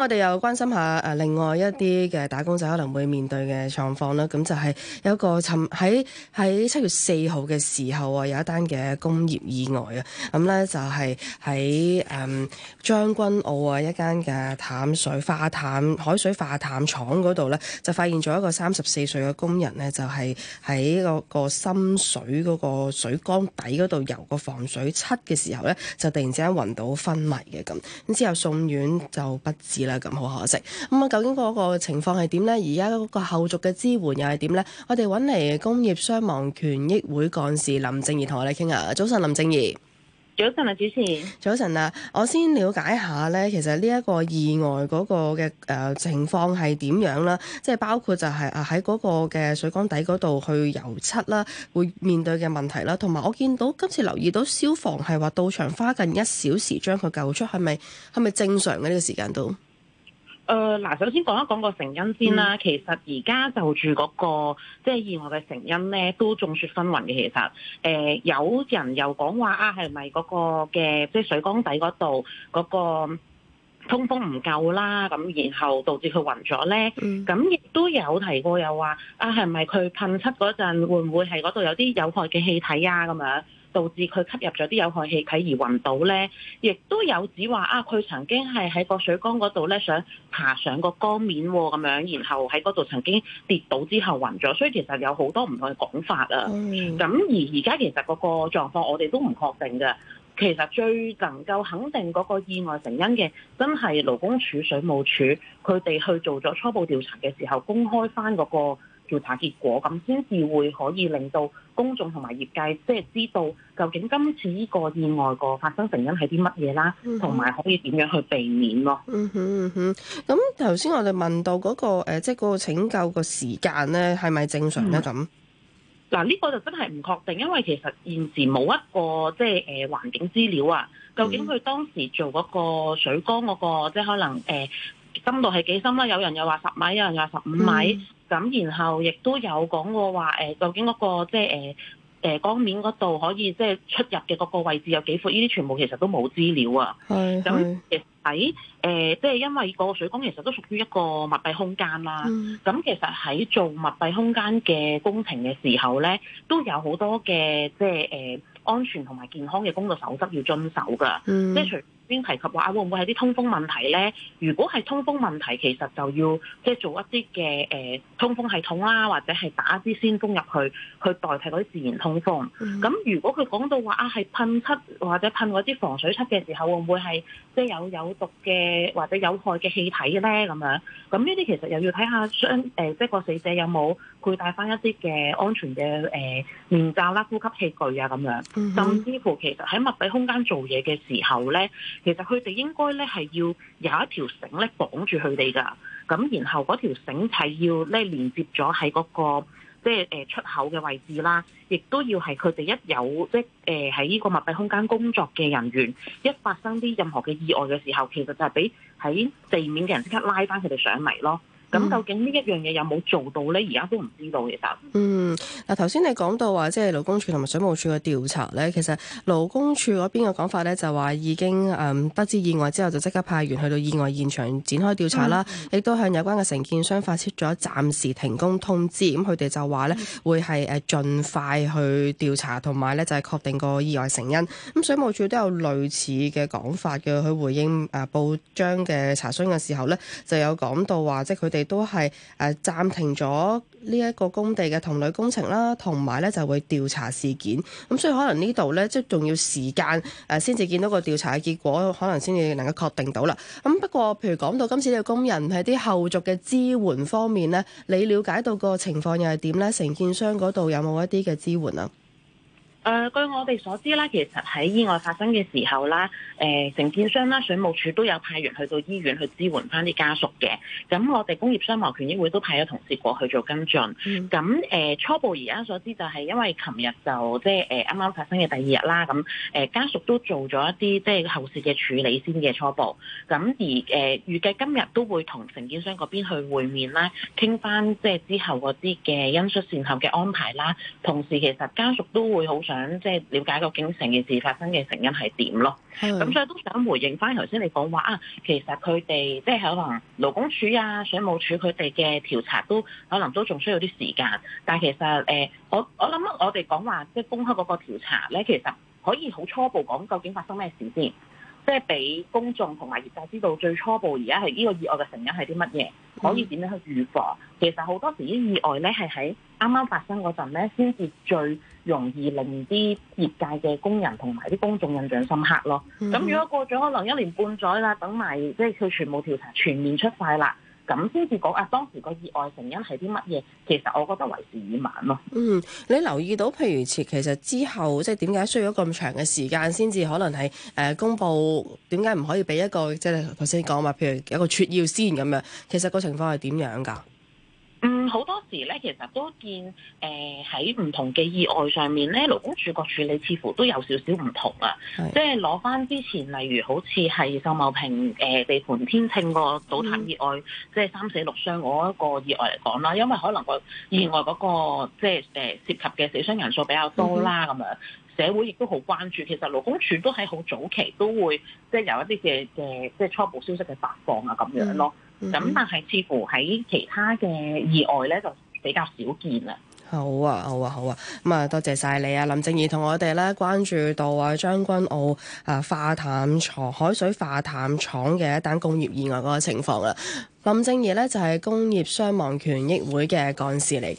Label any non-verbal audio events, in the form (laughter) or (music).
我哋又關心下誒另外一啲嘅打工仔可能會面對嘅狀況啦，咁就係有個尋喺喺七月四號嘅時候啊，有一單嘅工業意外啊，咁咧就係喺誒將軍澳啊一間嘅淡水化淡海水化淡廠嗰度咧，就發現咗一個三十四歲嘅工人咧，就係喺個深水嗰個水缸底嗰度游個防水漆嘅時候咧，就突然之間暈倒昏迷嘅咁，咁之後送院就不治。咁好可惜咁啊、嗯！究竟嗰個情況係點呢？而家嗰個後續嘅支援又係點呢？我哋揾嚟工業傷亡權益會幹事林靜儀同我哋傾下。早晨，林靜儀。早晨啊，主持。早晨啊，我先了解一下呢，其實呢一個意外嗰個嘅誒、呃、情況係點樣啦？即係包括就係啊喺嗰個嘅水缸底嗰度去油漆啦，會面對嘅問題啦。同埋我見到今次留意到消防係話到場花近一小時將佢救出，係咪係咪正常嘅呢、這個時間度？誒嗱、呃，首先講一講個成因先啦。嗯、其實而家就住嗰、那個即係意外嘅成因咧，都眾說紛紜嘅。其實誒、呃，有人又講話啊，係咪嗰個嘅即係水缸底嗰度嗰個通風唔夠啦？咁然後導致佢暈咗咧。咁亦、嗯、都有提過又，又話啊，係咪佢噴漆嗰陣會唔會係嗰度有啲有害嘅氣體啊？咁樣。導致佢吸入咗啲有害氣體而暈倒咧，亦都有指話啊，佢曾經係喺個水缸嗰度咧想爬上個江面咁、哦、樣，然後喺嗰度曾經跌倒之後暈咗，所以其實有好多唔同嘅講法啊。咁、mm hmm. 而而家其實嗰個狀況，我哋都唔確定嘅。其實最能夠肯定嗰個意外成因嘅，真係勞工處、水務署佢哋去做咗初步調查嘅時候，公開翻、那、嗰個。調查結果，咁先至會可以令到公眾同埋業界即係知道究竟今次呢個意外個發生成因係啲乜嘢啦，同埋、嗯、哼、可以點樣去避免咯、嗯。嗯哼、那個呃、是是嗯哼。咁頭先我哋問到嗰個即係嗰個拯救個時間咧，係咪正常咧咁？嗱，呢個就真係唔確定，因為其實現時冇一個即係誒、呃、環境資料啊，究竟佢當時做嗰個水缸嗰、嗰個，即係可能誒。呃深度係幾深啦？有人又話十米，有人又話十五米。咁、嗯、然後亦都有講過話誒、呃，究竟嗰、嗰個即係誒誒江面嗰度可以即係、呃、出入嘅嗰個位置有幾闊？呢啲全部其實都冇資料啊。咁是、嗯、其實喺誒、呃，即係因為個水工其實都屬於一個密閉空間啦。咁、嗯嗯、其實喺做密閉空間嘅工程嘅時候咧，都有好多嘅即係誒、呃、安全同埋健康嘅工作守則要遵守噶、嗯。即係除。邊提及話啊？會唔會係啲通風問題咧？如果係通風問題，其實就要即係做一啲嘅誒通風系統啦、啊，或者係打啲鮮風入去，去代替嗰啲自然通風。咁、嗯、如果佢講到話啊，係噴漆或者噴嗰啲防水漆嘅時候，會唔會係即係有有毒嘅或者有害嘅氣體咧？咁樣咁呢啲其實又要睇下雙誒、呃，即係個死者有冇佩戴翻一啲嘅安全嘅誒面罩啦、呼吸器具啊咁樣。嗯、甚至乎其實喺密閉空間做嘢嘅時候咧。呢其實佢哋應該咧係要有一條繩咧綁,綁住佢哋噶，咁然後嗰條繩係要咧連接咗喺嗰個即係誒出口嘅位置啦，亦都要係佢哋一有即係喺呢個密閉空間工作嘅人員一發生啲任何嘅意外嘅時候，其實就係俾喺地面嘅人即刻拉翻佢哋上嚟咯。咁究竟呢一樣嘢有冇做到呢？而家都唔知道其實。嗯，嗱、嗯，頭先你講到話，即係勞工處同埋水務處嘅調查呢。其實勞工處嗰邊嘅講法呢，就話已經誒得知意外之後，就即刻派員去到意外現場展開調查啦，亦、嗯、都向有關嘅承建商發出咗暫時停工通知。咁佢哋就話呢，會係誒盡快去調查，同埋呢就係確定個意外成因。咁水務處都有類似嘅講法嘅，去回應誒報章嘅查詢嘅時候呢，就有講到話，即係佢哋。亦都係誒暫停咗呢一個工地嘅同類工程啦，同埋咧就會調查事件。咁、嗯、所以可能呢度咧即係仲要時間誒，先、呃、至見到個調查嘅結果，可能先至能夠確定到啦。咁、嗯、不過，譬如講到今次嘅工人喺啲後續嘅支援方面咧，你了解到個情況又係點咧？承建商嗰度有冇一啲嘅支援啊？誒，據我哋所知啦，其實喺意外發生嘅時候啦，誒、呃，承建商啦、水務署都有派員去到醫院去支援翻啲家屬嘅。咁我哋工業傷亡權益會都派咗同事過去做跟進。咁誒、呃、初步而家所知就係因為琴日就即係誒啱啱發生嘅第二日啦，咁誒、呃、家屬都做咗一啲即係後事嘅處理先嘅初步。咁而誒、呃、預計今日都會同承建商嗰邊去會面啦，傾翻即係之後嗰啲嘅因素善後嘅安排啦。同時其實家屬都會好想，想即係了解個警情嘅事發生嘅成因係點咯，咁 (noise) 所以都想回應翻頭先你講話啊，其實佢哋即係可能勞工處啊、水務處佢哋嘅調查都可能都仲需要啲時間，但係其實誒、呃，我我諗我哋講話即係公開嗰個調查咧，其實可以好初步講究竟發生咩事先。即係俾公眾同埋業界知道最初步而家係呢個意外嘅成因係啲乜嘢，可以點樣去預防？其實好多時啲意外咧係喺啱啱發生嗰陣咧，先至最容易令啲業界嘅工人同埋啲公眾印象深刻咯。咁如果過咗可能一年半載啦，等埋即係佢全部調查全面出晒啦。咁先至講啊，當時個意外成因係啲乜嘢？其實我覺得為時已晚咯。嗯，你留意到譬如其實之後即係點解需要咁長嘅時間先至可能係誒、呃、公佈？點解唔可以俾一個即係頭先講話？譬如有一個撮要先咁樣，其實個情況係點樣㗎？好多時咧，其實都見誒喺唔同嘅意外上面咧，勞工處個處理似乎都有少少唔同啊。的即係攞翻之前，例如好似係秀茂坪誒、呃、地盤天秤個倒塌意外，嗯、即係三死六傷嗰一個意外嚟講啦。因為可能個意外嗰、那個、嗯、即係誒涉及嘅死傷人數比較多啦，咁樣、嗯、哼社會亦都好關注。其實勞工處都喺好早期都會即係有一啲嘅嘅即係初步消息嘅發放啊，咁樣咯。嗯咁、嗯、但係似乎喺其他嘅意外咧，就比較少見啦。好啊，好啊，好啊！咁啊，多謝晒你啊，林靜儀同我哋咧關注到啊，將軍澳啊化淡廠海水化淡廠嘅一單工業意外個情況啊。林靜儀咧就係、是、工業傷亡權益會嘅幹事嚟。